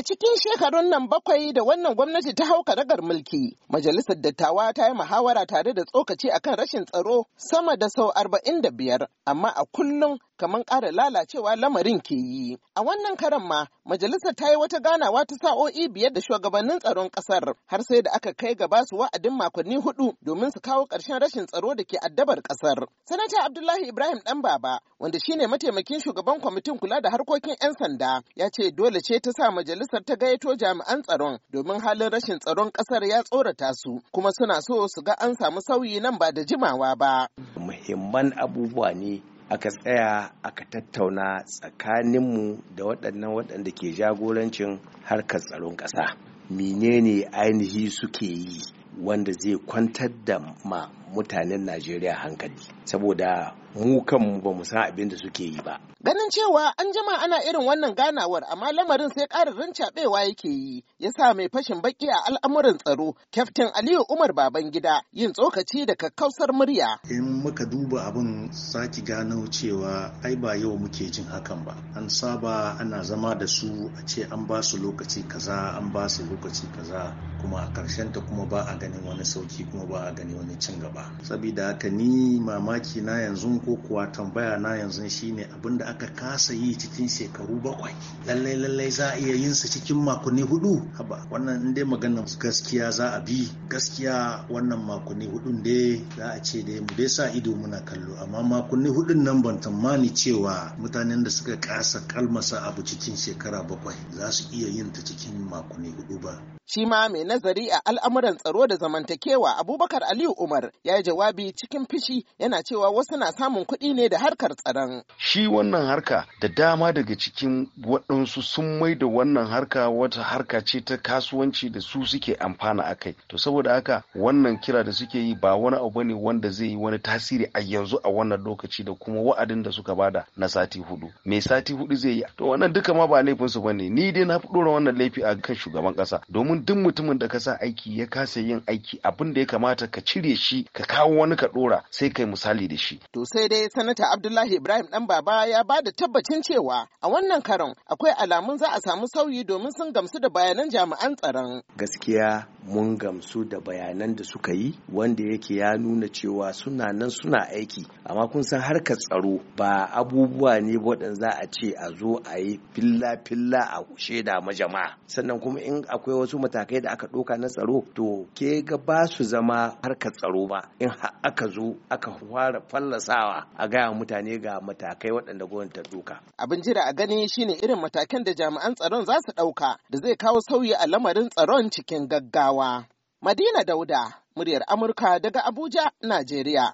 A cikin shekarun nan bakwai da wannan gwamnati ta hau karagar mulki, Majalisar Dattawa ta yi muhawara tare da tsokaci akan rashin tsaro sama da sau arba'in da biyar, amma a kullum kamar ƙara lalacewa lamarin ke yi. A wannan karan ma majalisar ta yi wata ganawa ta sa'o'i biyar da shugabannin tsaron ƙasar har sai da aka kai gaba su wa'adin makonni hudu domin su kawo ƙarshen rashin tsaro da ke addabar ƙasar. Sanata Abdullahi Ibrahim ɗan baba wanda shine mataimakin shugaban kwamitin kula da harkokin 'yan sanda ya ce dole ce ta sa majalisar ta gayyato jami'an tsaron domin halin rashin tsaron ƙasar ya tsorata su kuma suna so su ga an samu sauyi nan ba da jimawa ba. Muhimman abubuwa ne aka tsaya aka tattauna tsakaninmu da waɗannan waɗanda ke jagorancin harkar tsaron ƙasa menene ainihi suke yi wanda zai kwantar da ma mutanen Najeriya hankali saboda mu kanmu ba mu san abin da suke yi ba. Ganin cewa an jama ana irin wannan ganawar amma lamarin sai ƙarin rincaɓewa yake yi ya sa mai fashin baki a al'amuran tsaro kyaftin Aliyu Umar Babangida yin tsokaci da kakkausar murya. In muka duba abin saki gano cewa ai ba yau muke jin hakan ba an saba ana zama da su a ce an ba su lokaci kaza an ba su lokaci kaza kuma a ta kuma ba a ganin wani sauki kuma ba a gani wani cin gaba. ba saboda haka ni mamaki na yanzu ko kuwa tambaya na yanzu shine abin da aka kasa yi cikin shekaru bakwai lallai lallai za a iya yin su cikin makonni hudu haba wannan in dai maganar gaskiya za a bi gaskiya wannan makonni hudun dai za a ce dai mu dai sa ido muna kallo amma makonni hudun nan ban tamani cewa mutanen da suka kasa kalmasa abu cikin shekara bakwai za su iya yin ta cikin makonni hudu ba Shima mai nazari a al'amuran tsaro da zamantakewa abubakar aliyu umar ya yi jawabi cikin fishi yana cewa wasu na samun kuɗi ne da harkar tsaron. Shi wannan harka da dama daga cikin waɗansu sun mai da wannan harka wata harka ce ta kasuwanci da su suke amfana a kai. To saboda haka wannan kira da suke yi ba wani abu ne wanda zai yi wani tasiri a yanzu a wannan lokaci da kuma wa'adin da suka bada na sati hudu. Me sati hudu zai yi? To wannan duka ma ba laifinsu ba ne. Ni dai na fi ɗora wannan laifi a kan shugaban ƙasa. Domin duk mutumin da ka sa aiki ya kasa yin aiki abin da ya kamata ka cire shi ka kawo wani ka ɗora sai kai misali da shi. To sai dai sanata Abdullahi Ibrahim ɗan baba ya ba da tabbacin cewa a wannan karon akwai alamun za a samu sauyi domin sun gamsu da bayanan jami'an tsaron. Gaskiya mun gamsu da bayanan da suka yi wanda yake ya nuna cewa suna nan suna aiki amma kun san harkar tsaro ba abubuwa ne waɗanda za a ce a zo a yi filla-filla a shaida da sannan kuma in akwai wasu matakai da aka ɗoka na tsaro to ke ga ba su zama harkar tsaro ba in aka zo aka fara fallasawa a gaya mutane ga matakai waɗanda gwamnati ta abin jira a gani shine irin matakan da jami'an tsaron za su ɗauka da zai kawo sauyi a lamarin tsaron cikin gaggawa. Hausawa. Madina Dauda, muryar Amurka daga Abuja, Najeriya.